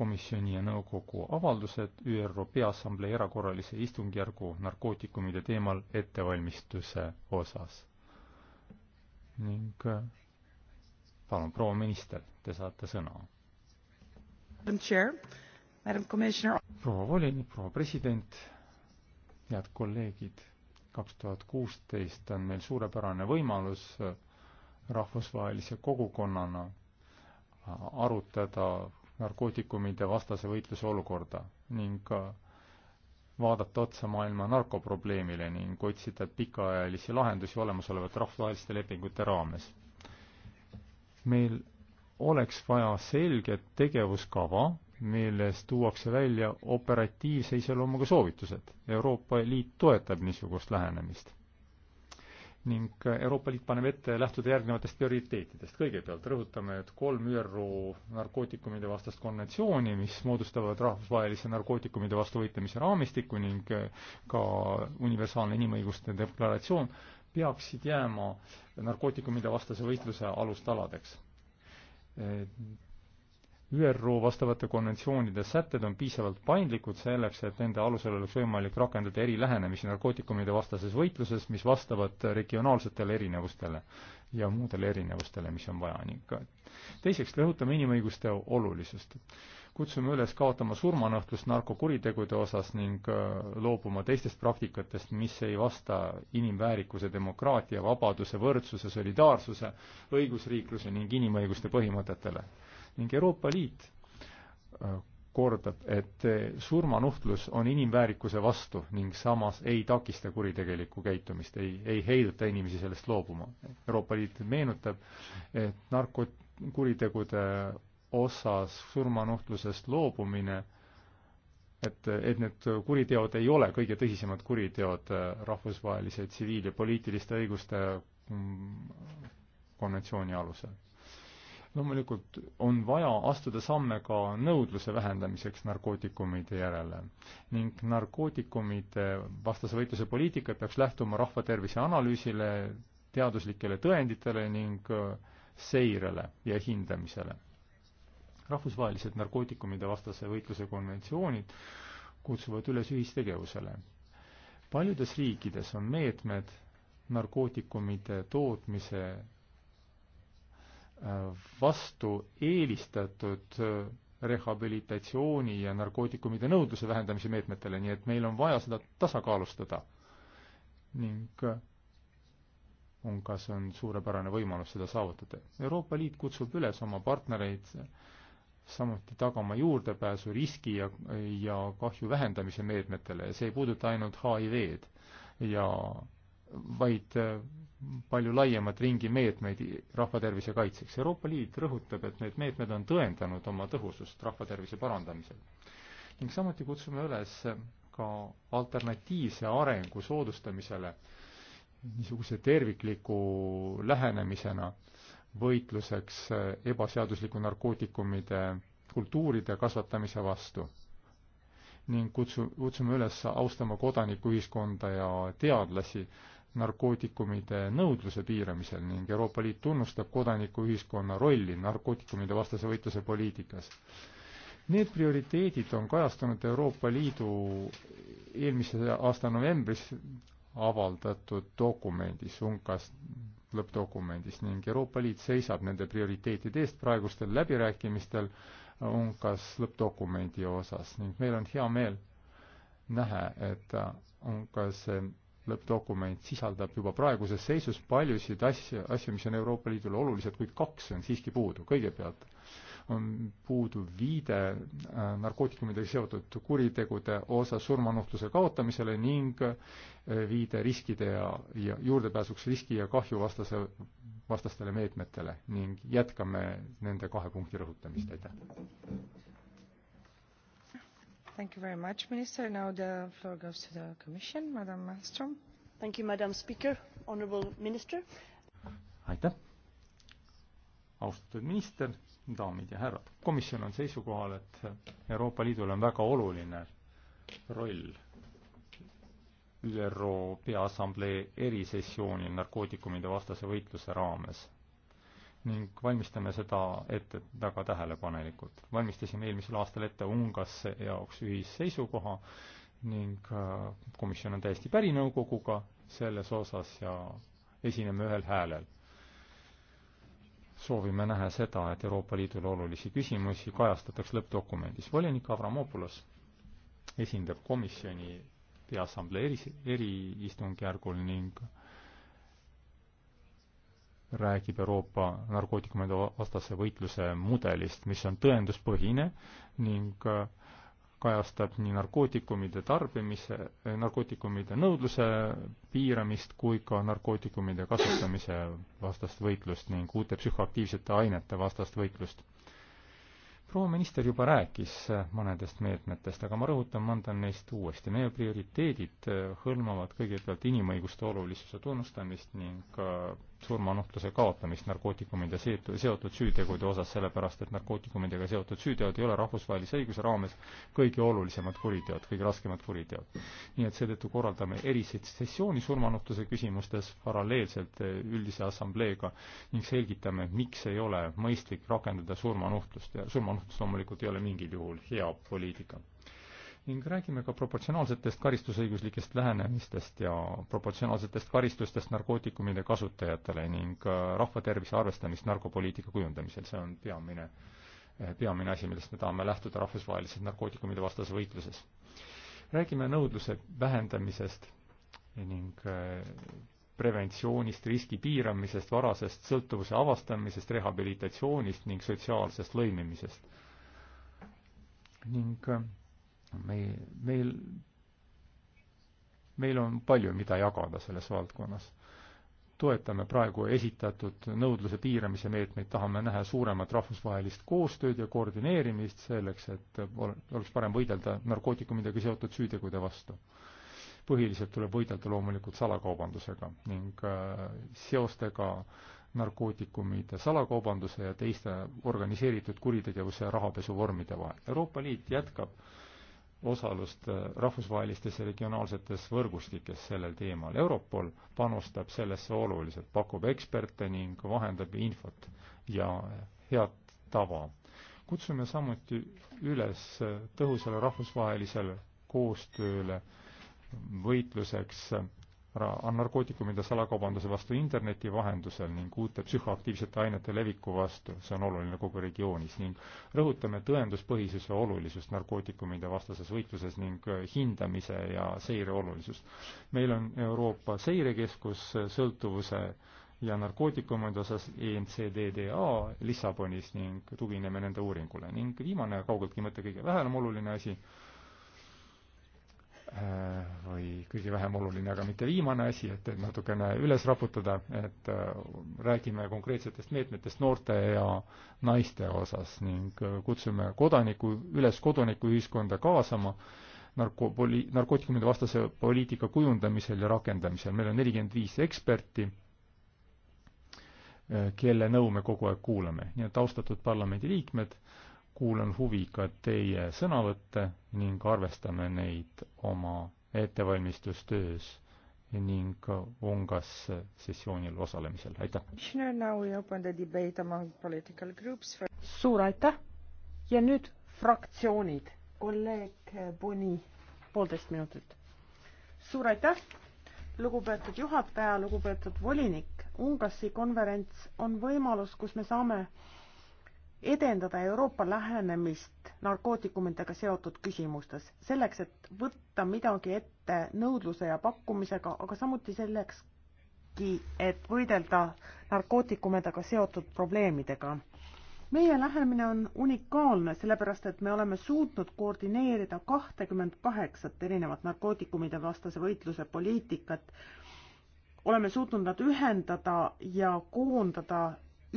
komisjoni ja nõukogu avaldused ÜRO Peaassamblee erakorralise istungjärgu narkootikumide teemal ettevalmistuse osas. ning palun, proua minister, te saate sõna. proua volinik, proua president, head kolleegid, kaks tuhat kuusteist on meil suurepärane võimalus rahvusvahelise kogukonnana arutada narkootikumide vastase võitluse olukorda ning vaadata otsa maailma narkoprobleemile ning otsida pikaajalisi lahendusi olemasolevate rahvusvaheliste lepingute raames. meil oleks vaja selget tegevuskava, milles tuuakse välja operatiivse iseloomuga soovitused. Euroopa Liit toetab niisugust lähenemist ning Euroopa Liit paneb ette lähtuda järgnevatest prioriteetidest. kõigepealt rõhutame, et kolm ÜRO narkootikumide vastast konventsiooni, mis moodustavad rahvusvahelise narkootikumide vastu võitlemise raamistiku ning ka universaalne inimõiguste deklaratsioon, peaksid jääma narkootikumide vastase võitluse alustaladeks ÜRO vastavate konventsioonide sätted on piisavalt paindlikud selleks, et nende alusel oleks võimalik rakendada eri lähenemisi narkootikumide vastases võitluses, mis vastavad regionaalsetele erinevustele ja muudele erinevustele, mis on vaja ning teiseks rõhutame inimõiguste olulisust kutsume üles kaotama surmanõhtust narkokuritegude osas ning äh, loobuma teistest praktikatest, mis ei vasta inimväärikuse, demokraatia, vabaduse, võrdsuse, solidaarsuse, õigusriikluse ning inimõiguste põhimõtetele. ning Euroopa Liit äh, kordab, et äh, surmanuhtlus on inimväärikuse vastu ning samas ei takista kuritegelikku käitumist, ei, ei heiduta inimesi sellest loobuma. Euroopa Liit meenutab, et narko-, kuritegude osas surmanuhtlusest loobumine, et, et need kuriteod ei ole kõige tõsisemad kuriteod äh, rahvusvahelise tsiviil- ja poliitiliste õiguste mm, konventsiooni alusel. loomulikult on vaja astuda samme ka nõudluse vähendamiseks narkootikumide järele ning narkootikumide vastase võitluse poliitika peaks lähtuma rahvatervise analüüsile, teaduslikele tõenditele ning äh, seirele ja hindamisele rahvusvahelised narkootikumide vastase võitluse konventsioonid kutsuvad üles ühistegevusele. paljudes riikides on meetmed narkootikumide tootmise äh, vastu eelistatud äh, rehabilitatsiooni ja narkootikumide nõudluse vähendamise meetmetele, nii et meil on vaja seda tasakaalustada. ning on, äh, kas on suurepärane võimalus seda saavutada. Euroopa Liit kutsub üles oma partnereid samuti tagama juurdepääsu riski ja, ja kahju vähendamise meetmetele ja see ei puuduta ainult HIV-d ja vaid äh, palju laiemat ringi meetmeid rahvatervise kaitseks. Euroopa Liit rõhutab, et need meetmed on tõendanud oma tõhusust rahvatervise parandamisel. ning samuti kutsume üles äh, ka alternatiivse arengu soodustamisele niisuguse tervikliku lähenemisena äh, võitluseks ebaseadusliku narkootikumide kultuuride kasvatamise vastu ning kutsu, kutsume üles austama kodanikuühiskonda ja teadlasi narkootikumide nõudluse piiramisel ning Euroopa Liit tunnustab kodanikuühiskonna rolli narkootikumide vastase võitluse poliitikas. Need prioriteedid on kajastunud Euroopa Liidu eelmise aasta novembris avaldatud dokumendis UNCAS lõppdokumendis ning Euroopa Liit seisab nende prioriteetide eest praegustel läbirääkimistel UNCAS lõppdokumendi osas ning meil on hea meel näha, et UNCAS lõppdokument sisaldab juba praeguses seisus paljusid asju, asju, mis on Euroopa Liidule olulised, kuid kaks on siiski puudu. kõigepealt on puudu viide äh, narkootikumidega seotud kuritegude osas surmanuhtluse kaotamisele ning äh, viide riskide ja, ja juurdepääsuks riski- ja kahjuvastase, vastastele meetmetele ning jätkame nende kahe punkti rõhutamist, aitäh. Thank you very much, minister, now the floor goes to the commission, madam Malmström. Thank you, madam speaker, honorable minister. aitäh, austatud minister daamid ja härrad. komisjon on seisukohal, et Euroopa Liidul on väga oluline roll ÜRO Peaassamblee erisessioonil narkootikumide vastase võitluse raames ning valmistame seda ette väga tähelepanelikult. valmistasime eelmisel aastal ette Ungasse jaoks ühisseisukoha ning äh, komisjon on täiesti päri nõukoguga selles osas ja esineme ühel häälel soovime näha seda, et Euroopa Liidule olulisi küsimusi kajastataks lõppdokumendis. volinik Avramopoulos esindab komisjoni peaassamblee eri, eriistungjärgul ning räägib Euroopa narkootikumide vastase võitluse mudelist, mis on tõenduspõhine ning äh, kajastab nii narkootikumide tarbimise, narkootikumide nõudluse piiramist kui ka narkootikumide kasutamise vastast võitlust ning uute psühhoaktiivsete ainete vastast võitlust. proua minister juba rääkis mõnedest meetmetest, aga ma rõhutan mõnda neist uuesti. meie prioriteedid hõlmavad kõigepealt inimõiguste olulisuse tunnustamist ning surmanuhtluse kaotamist narkootikumide seotud süütegude osas, sellepärast et narkootikumidega seotud süüteod ei ole rahvusvahelise õiguse raames kõige olulisemad kuriteod, kõige raskemad kuriteod. nii et seetõttu korraldame eriseid sessiooni surmanuhtluse küsimustes paralleelselt eh, üldise assambleega ning selgitame, miks ei ole mõistlik rakendada surmanuhtlust ja surmanuhtlus loomulikult ei ole mingil juhul hea poliitika ning räägime ka proportsionaalsetest karistusõiguslikest lähenemistest ja proportsionaalsetest karistustest narkootikumide kasutajatele ning äh, rahvatervise arvestamist narkopoliitika kujundamisel, see on peamine, äh, peamine asi, millest me tahame lähtuda rahvusvahelises narkootikumide vastases võitluses. räägime nõudluse vähendamisest ning äh, preventsioonist, riski piiramisest, varasest sõltuvuse avastamisest, rehabilitatsioonist ning sotsiaalsest lõimimisest. ning meil, meil, meil on palju, mida jagada selles valdkonnas. toetame praegu esitatud nõudluse piiramise meetmeid, tahame näha suuremat rahvusvahelist koostööd ja koordineerimist selleks, et oleks parem võidelda narkootikumidega seotud süütegude vastu. põhiliselt tuleb võidelda loomulikult salakaubandusega ning äh, seostega narkootikumide salakaubanduse ja teiste organiseeritud kuritegevuse ja rahapesu vormide vahel. Euroopa Liit jätkab äh, osalust äh, rahvusvahelistes ja regionaalsetes võrgustikes sellel teemal. Europol panustab sellesse oluliselt, pakub eksperte ning vahendab infot ja head tava. kutsume samuti üles äh, tõhusale rahvusvahelisele koostööle võitluseks äh, narkootikumide salakaubanduse vastu interneti vahendusel ning uute psühhoaktiivsete ainete leviku vastu, see on oluline kogu regioonis, ning rõhutame tõenduspõhisuse olulisust narkootikumide vastases võitluses ning äh, hindamise ja seire olulisust. meil on Euroopa Seirekeskus äh, sõltuvuse ja narkootikumide osas EMCDDA Lissabonis ning tugineme nende uuringule. ning viimane ja kaugeltki mitte kõige vähem oluline asi, Äh, või kõige vähem oluline, aga mitte viimane asi, et, et natukene üles raputada, et äh, räägime konkreetsetest meetmetest noorte ja naiste osas ning äh, kutsume kodaniku, üles kodanikuühiskonda kaasama narko-, poli-, narkootikumide vastase poliitika kujundamisel ja rakendamisel. meil on nelikümmend viis eksperti, kelle nõu me kogu aeg kuulame, nii et austatud parlamendiliikmed, kuulan huviga teie sõnavõtte ning arvestame neid oma ettevalmistustöös ning UNGAS sessioonil osalemisel, aitäh! suur aitäh ja nüüd fraktsioonid, kolleeg Boni, poolteist minutit. suur aitäh, lugupeetud juhataja, lugupeetud volinik, UNGAS-i konverents on võimalus, kus me saame edendada Euroopa lähenemist narkootikumidega seotud küsimustes, selleks et võtta midagi ette nõudluse ja pakkumisega, aga samuti sellekski, et võidelda narkootikumidega seotud probleemidega. meie lähenemine on unikaalne, sellepärast et me oleme suutnud koordineerida kahtekümmend kaheksat erinevat narkootikumide vastase võitluse poliitikat, oleme suutnud nad ühendada ja koondada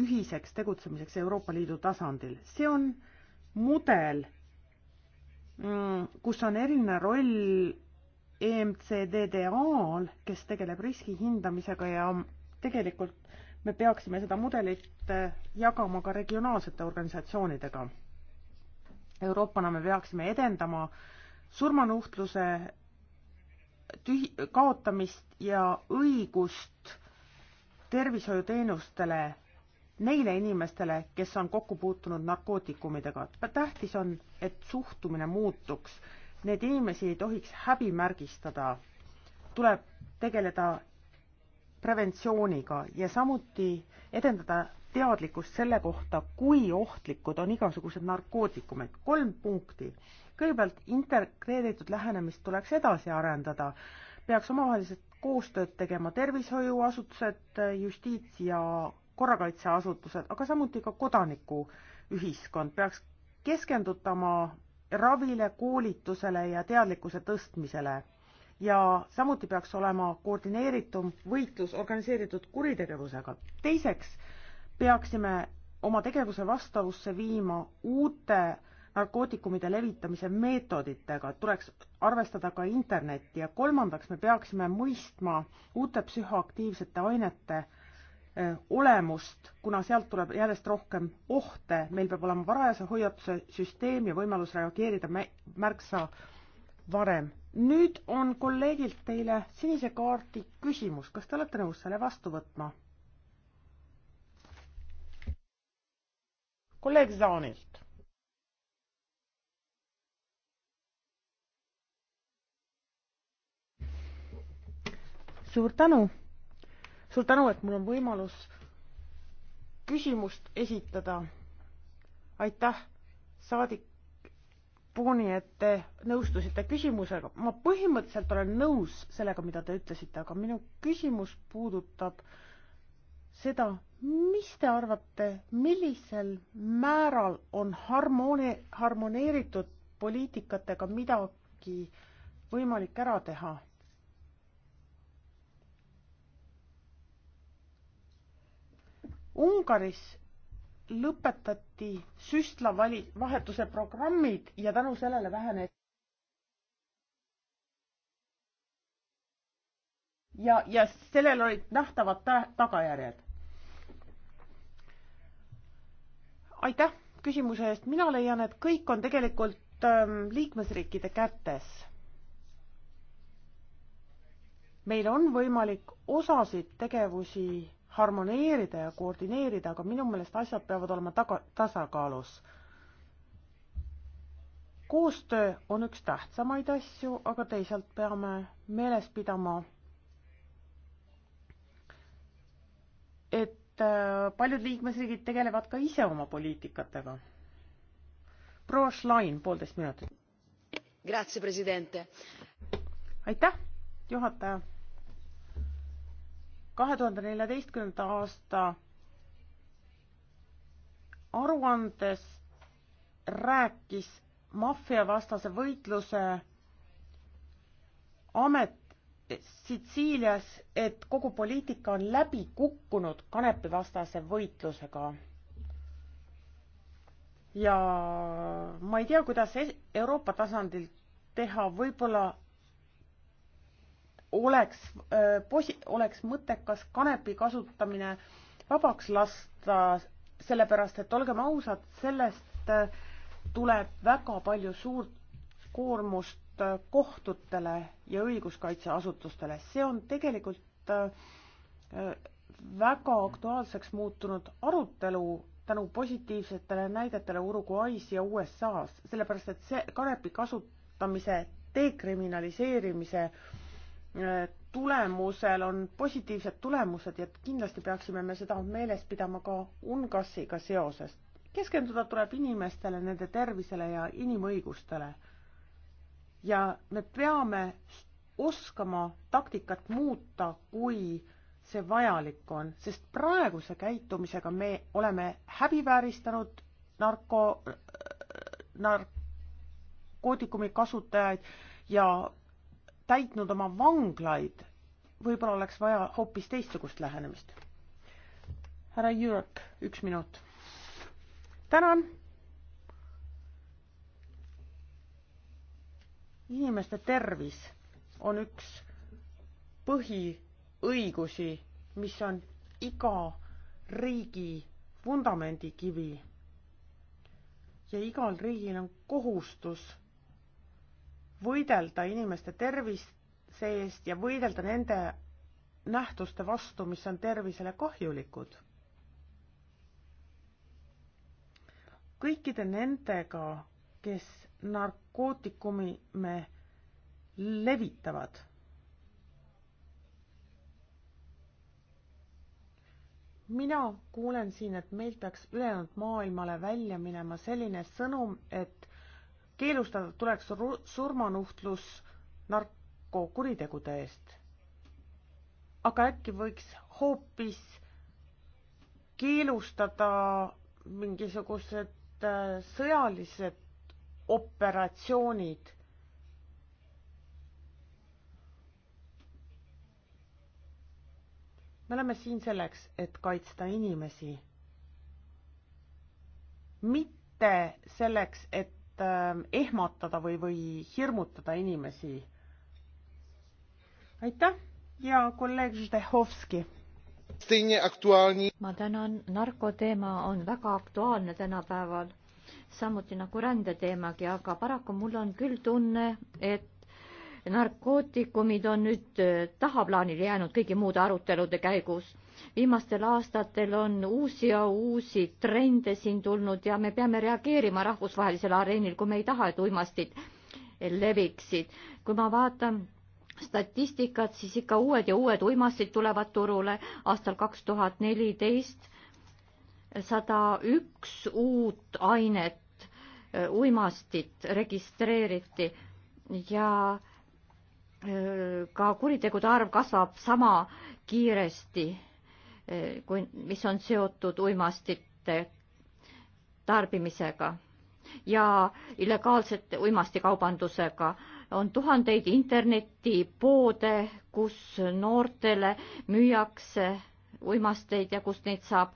ühiseks tegutsemiseks Euroopa Liidu tasandil. see on mudel, mm, kus on eriline roll EMCDDA-l, kes tegeleb riski hindamisega ja tegelikult me peaksime seda mudelit eh, jagama ka regionaalsete organisatsioonidega. Euroopana me peaksime edendama surmanuhtluse tühi-, kaotamist ja õigust tervishoiuteenustele neile inimestele, kes on kokku puutunud narkootikumidega. tähtis on, et suhtumine muutuks. Neid inimesi ei tohiks häbimärgistada. tuleb tegeleda preventsiooniga ja samuti edendada teadlikkust selle kohta, kui ohtlikud on igasugused narkootikumid. kolm punkti. kõigepealt integreeritud lähenemist tuleks edasi arendada, peaks omavaheliselt koostööd tegema tervishoiuasutused, justiits ja korrakaitseasutused, aga samuti ka kodanikuühiskond peaks keskendutama ravile, koolitusele ja teadlikkuse tõstmisele ja samuti peaks olema koordineeritum võitlus organiseeritud kuritegevusega. teiseks peaksime oma tegevuse vastavusse viima uute narkootikumide levitamise meetoditega, tuleks arvestada ka internetti ja kolmandaks me peaksime mõistma uute psühhoaktiivsete ainete Äh, olemust, kuna sealt tuleb järjest rohkem ohte, meil peab olema varajase hoiatuse süsteem ja võimalus reageerida märksa varem. nüüd on kolleegilt teile sinise kaardi küsimus, kas te olete nõus selle vastu võtma? kolleeg Zaanilt. suur tänu suur tänu, et mul on võimalus küsimust esitada. aitäh, saadik Puuni, et te nõustusite küsimusega. ma põhimõtteliselt olen nõus sellega, mida te ütlesite, aga minu küsimus puudutab seda, mis te arvate, millisel määral on harmooni-, harmoneeritud poliitikatega midagi võimalik ära teha? Ungaris lõpetati süstlavali-, vahetuse programmid ja tänu sellele vähenes ja, ja sellel olid nähtavad ta tagajärjed. aitäh küsimuse eest, mina leian, et kõik on tegelikult ähm, liikmesriikide kätes. meil on võimalik osasid tegevusi harmoneerida ja koordineerida, aga minu meelest asjad peavad olema taga, tasakaalus. koostöö on üks tähtsamaid asju, aga teisalt peame meeles pidama, et äh, paljud liikmesriigid tegelevad ka ise oma poliitikatega. proua Schlein, poolteist minutit. aitäh, juhataja kahe tuhande neljateistkümnenda aasta aruandes rääkis maffiavastase võitluse amet Sitsiilias, et kogu poliitika on läbi kukkunud kanepivastase võitlusega. ja ma ei tea, kuidas Euroopa tasandil teha, võib-olla oleks posi-, oleks mõttekas kanepi kasutamine vabaks lasta, sellepärast et olgem ausad, sellest tuleb väga palju suurt koormust kohtutele ja õiguskaitseasutustele. see on tegelikult väga aktuaalseks muutunud arutelu tänu positiivsetele näidetele Uruguay's ja USA-s, sellepärast et see kanepi kasutamise dekriminaliseerimise äh, Äh, tulemusel on positiivsed tulemused ja kindlasti peaksime me seda meeles pidama ka UNGASiga seoses. keskenduda tuleb inimestele, nende tervisele ja inimõigustele. ja me peame oskama taktikat muuta, kui see vajalik on, sest praeguse käitumisega me oleme häbivääristanud narko, äh, narkootikumi kasutajaid ja täitnud oma vanglaid, võib-olla oleks vaja hoopis teistsugust lähenemist. härra Jürk, üks minut. tänan. inimeste tervis on üks põhiõigusi, mis on iga riigi vundamendikivi. ja igal riigil on kohustus võidelda inimeste tervise eest ja võidelda nende nähtuste vastu, mis on tervisele kahjulikud. kõikide nendega, kes narkootikumi me levitavad. mina kuulen siin, et meil peaks ülejäänud maailmale välja minema selline sõnum, et keelustatud tuleks surmanuhtlus narkokuritegude eest. aga äkki võiks hoopis keelustada mingisugused äh, sõjalised operatsioonid. me oleme siin selleks, et kaitsta inimesi, mitte selleks, et Ähm, ehmatada või, või hirmutada inimesi. aitäh ja kolleeg Ždehovski. ma tänan, narkoteema on väga aktuaalne tänapäeval, samuti nagu rändeteemagi, aga paraku mul on küll tunne, et narkootikumid on nüüd äh, tahaplaanile jäänud kõigi muude arutelude käigus. viimastel aastatel on uusi ja uusi trende siin tulnud ja me peame reageerima rahvusvahelisel areenil, kui me ei taha, et uimastid leviksid. kui ma vaatan statistikat, siis ikka uued ja uued uimastid tulevad turule. aastal kaks tuhat neliteist sada üks uut ainet äh, uimastit registreeriti ja ka kuritegude arv kasvab sama kiiresti, eh, kui, mis on seotud uimastite tarbimisega ja illegaalsete uimastikaubandusega. on tuhandeid internetipoode, kus noortele müüakse uimasteid ja kust neid saab,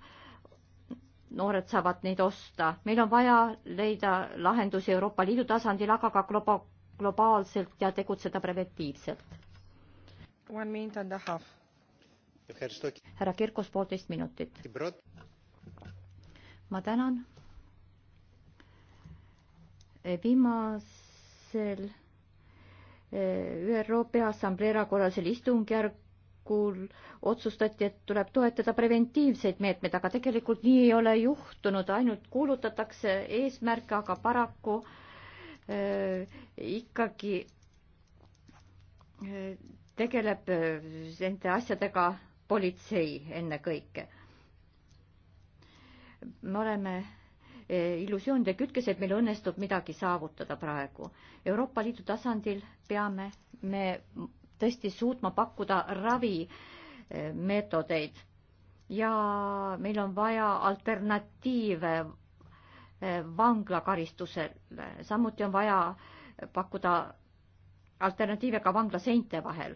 noored saavad neid osta. meil on vaja leida lahendusi Euroopa Liidu tasandil, aga ka globa-, globaalselt ja tegutseda preventiivselt härra Kirkus, poolteist minutit. ma tänan. E, viimasel e, ÜRO Peaassamblee erakorralisel istungjärgul otsustati, et tuleb toetada preventiivseid meetmeid, aga tegelikult nii ei ole juhtunud, ainult kuulutatakse eesmärke, aga paraku äh, ikkagi äh, tegeleb äh, nende asjadega politsei ennekõike. me oleme äh, illusioonide kütkes, et meil õnnestub midagi saavutada praegu. Euroopa Liidu tasandil peame me tõesti suutma pakkuda ravimeetodeid äh, ja meil on vaja alternatiive vanglakaristusele, samuti on vaja pakkuda alternatiive ka vangla seinte vahel.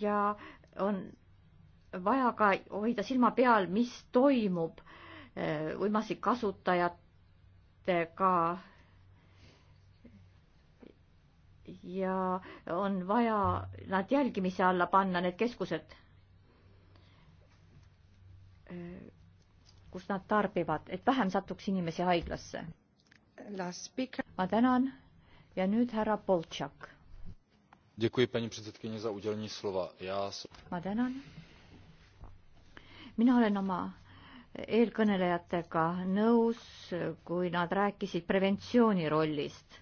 ja on vaja ka hoida silma peal, mis toimub uimasi eh, kasutajatega. ja on vaja nad jälgimise alla panna, need keskused, eh, kus nad tarbivad, et vähem satuks inimesi haiglasse ma tänan ja nüüd härra Boltšak. ma tänan. mina olen oma eelkõnelejatega nõus, kui nad rääkisid preventsiooni rollist.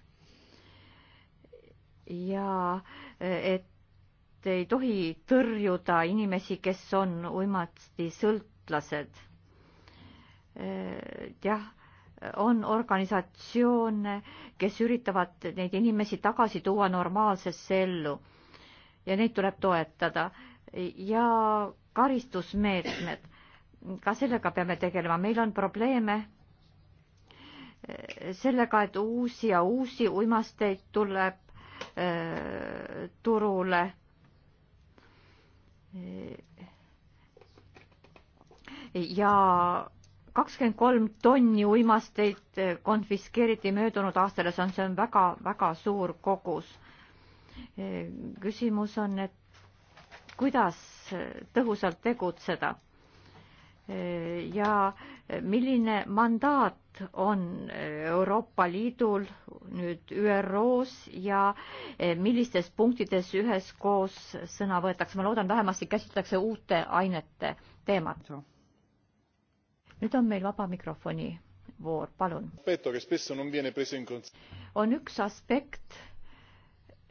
ja et ei tohi tõrjuda inimesi, kes on uimasti sõltlased. jah on organisatsioone, kes üritavad neid inimesi tagasi tuua normaalsesse ellu ja neid tuleb toetada ja karistusmeetmed, ka sellega peame tegelema, meil on probleeme eh, sellega, et uusi ja uusi uimasteid tuleb äh, turule. Eh, ja kakskümmend kolm tonni uimasteid konfiskeeriti möödunud aastal ja see on, see on väga-väga suur kogus. küsimus on, et kuidas tõhusalt tegutseda ja milline mandaat on Euroopa Liidul nüüd ÜRO-s ja millistes punktides üheskoos sõna võetakse, ma loodan, vähemasti käsitletakse uute ainete teemat nüüd on meil vaba mikrofoni voor, palun. on üks aspekt,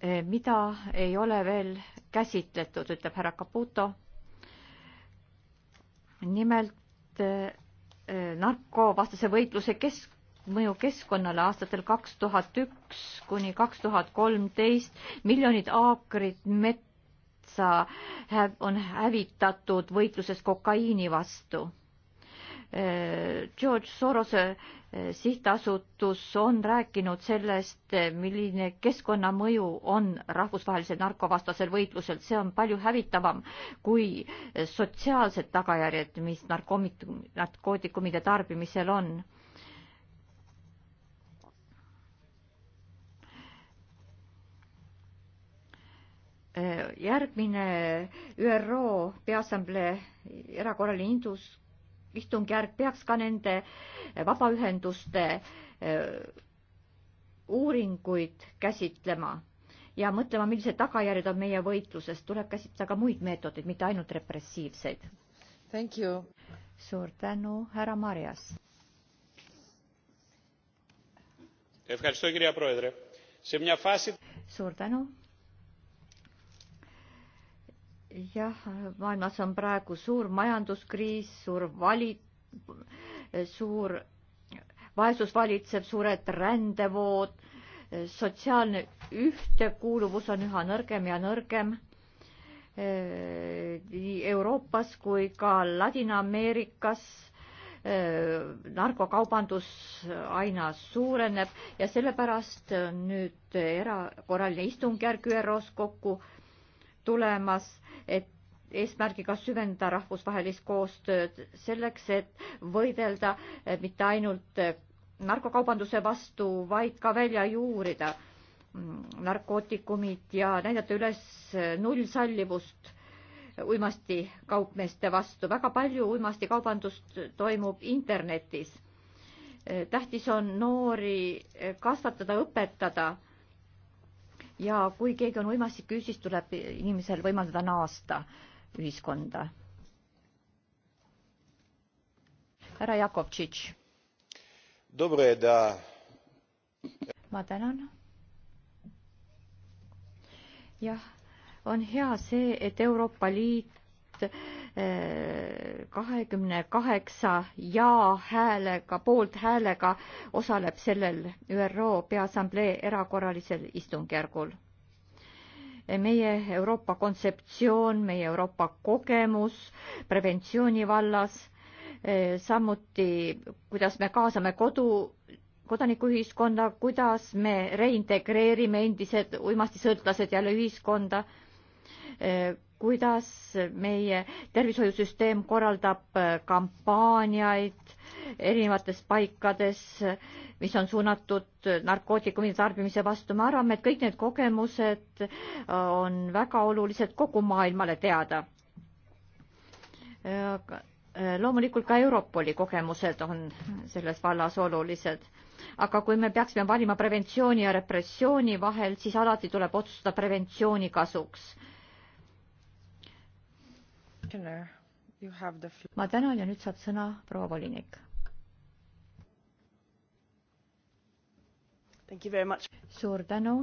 eh, mida ei ole veel käsitletud, ütleb härra Caputo. nimelt eh, eh, narkovastase võitluse kesk, mõju keskkonnale aastatel kaks tuhat üks kuni kaks tuhat kolmteist miljonid aakrid metsa on hävitatud võitluses kokaiini vastu George Sorose eh, sihtasutus on rääkinud sellest, eh, milline keskkonnamõju on rahvusvahelisel narkovastasel võitlusel, see on palju hävitavam kui eh, sotsiaalsed tagajärjed, mis narkomit-, narkootikumide tarbimisel on järgmine ÜRO Peaassamblee erakorraline indus istungjärk peaks ka nende vabaühenduste eh, uuringuid käsitlema ja mõtlema, millised tagajärjed on meie võitluses, tuleb käsitleda ka muid meetodeid, mitte ainult repressiivseid. suur tänu, härra Marjas. suur tänu jah, maailmas on praegu suur majanduskriis, suur vali-, suur vaesus valitseb, suured rändevood, sotsiaalne ühtekuuluvus on üha nõrgem ja nõrgem eh, nii Euroopas kui ka Ladina-Ameerikas eh, narkokaubandus aina suureneb ja sellepärast nüüd erakorraline istungjärk ÜRO-s kokku äh, tulemas, et eesmärgiga süvendada rahvusvahelist koostööd selleks, et võidelda eh, mitte ainult eh, narkokaubanduse vastu, vaid ka välja juurida mm, narkootikumid ja näidata üles eh, nullsallivust uimastikaupmeeste vastu. väga palju uimastikaubandust toimub internetis. tähtis on noori kasvatada, õpetada ja kui keegi on uimastikku, siis tuleb inimesel võimaldada naasta ühiskonda. härra Jakovtšitš. ma tänan. jah, on hea see, et Euroopa Liit kahekümne kaheksa ja häälega, poolthäälega osaleb sellel ÜRO Peaassamblee erakorralisel istungjärgul. meie Euroopa kontseptsioon, meie Euroopa kogemus preventsiooni vallas, samuti kuidas me kaasame kodu, kodanikuühiskonda, kuidas me reintegreerime endised uimastisõltlased jälle ühiskonda, kuidas meie tervishoiusüsteem korraldab äh, kampaaniaid erinevates paikades, mis on suunatud äh, narkootikumide tarbimise vastu. me arvame, et kõik need kogemused äh, on väga olulised kogu maailmale teada. loomulikult ka Europoli kogemused on selles vallas olulised. aga kui me peaksime valima preventsiooni ja repressiooni vahel, siis alati tuleb otsustada preventsiooni kasuks ma tänan ja nüüd saab sõna proua volinik. suur tänu.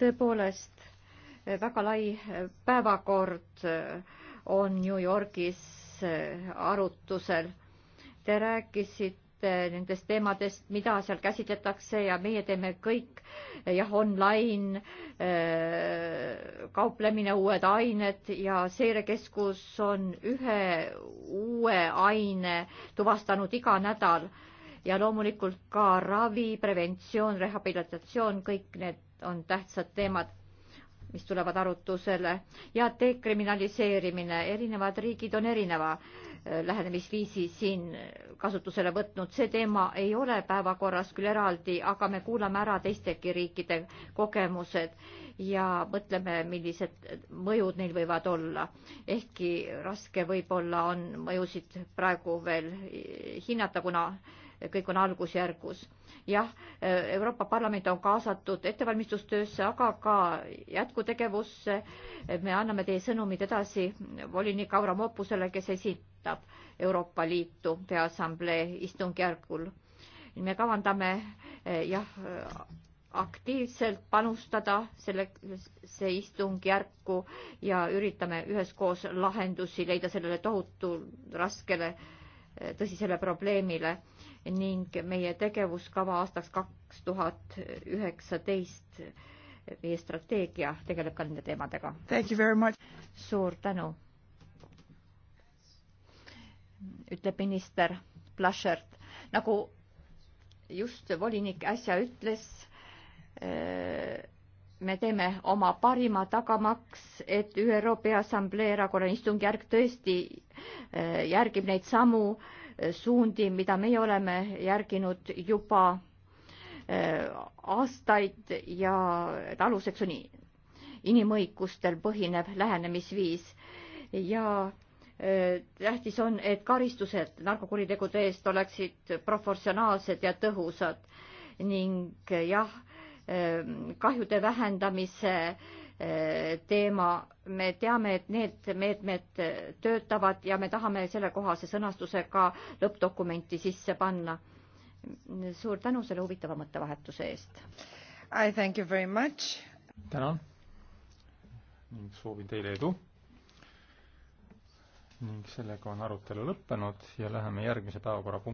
tõepoolest väga lai päevakord äh, on New Yorgis äh, arutusel. Te rääkisite Eh, nendest teemadest, mida seal käsitletakse ja meie teeme kõik eh, jah, online eh, kauplemine, uued ained ja seirekeskus on ühe uue aine tuvastanud iga nädal ja loomulikult ka ravi, preventsioon, rehabilitatsioon, kõik need on tähtsad teemad mis tulevad arutusele ja dekriminaliseerimine, erinevad riigid on erineva äh, lähenemisviisi siin kasutusele võtnud, see teema ei ole päevakorras küll eraldi, aga me kuulame ära teistegi riikide kogemused ja mõtleme, millised mõjud neil võivad olla. ehkki raske võib-olla on mõjusid praegu veel hinnata, kuna kõik on algusjärgus jah, Euroopa Parlament on kaasatud ettevalmistustöösse, aga ka jätkutegevusse. me anname teie sõnumid edasi volinik Avramopusele, kes esitab Euroopa Liitu Peaassamblee istungjärgul. me kavandame eh, jah, aktiivselt panustada sellesse istungjärku ja üritame üheskoos lahendusi leida sellele tohutu raskele eh, tõsisele probleemile ning meie tegevuskava aastaks kaks tuhat üheksateist, meie strateegia tegeleb ka nende teemadega. suur tänu, ütleb minister Plaschert. nagu just volinik äsja ütles, eh, me teeme oma parima tagamaks, et ÜRO Peaassamblee erakorraline istungjärk tõesti eh, järgib neid samu suundi, mida meie oleme järginud juba eh, aastaid ja et aluseks on inimõigustel põhinev lähenemisviis ja eh, tähtis on, et karistused narkokuritegude eest oleksid proportsionaalsed ja tõhusad ning eh, jah, kahjude vähendamise äh, teema. me teame, et need meetmed töötavad ja me tahame sellekohase sõnastuse ka lõppdokumenti sisse panna. suur tänu selle huvitava mõttevahetuse eest. I thank you very much. tänan ning soovin teile edu. ning sellega on arutelu lõppenud ja läheme järgmise päevakorrapunkti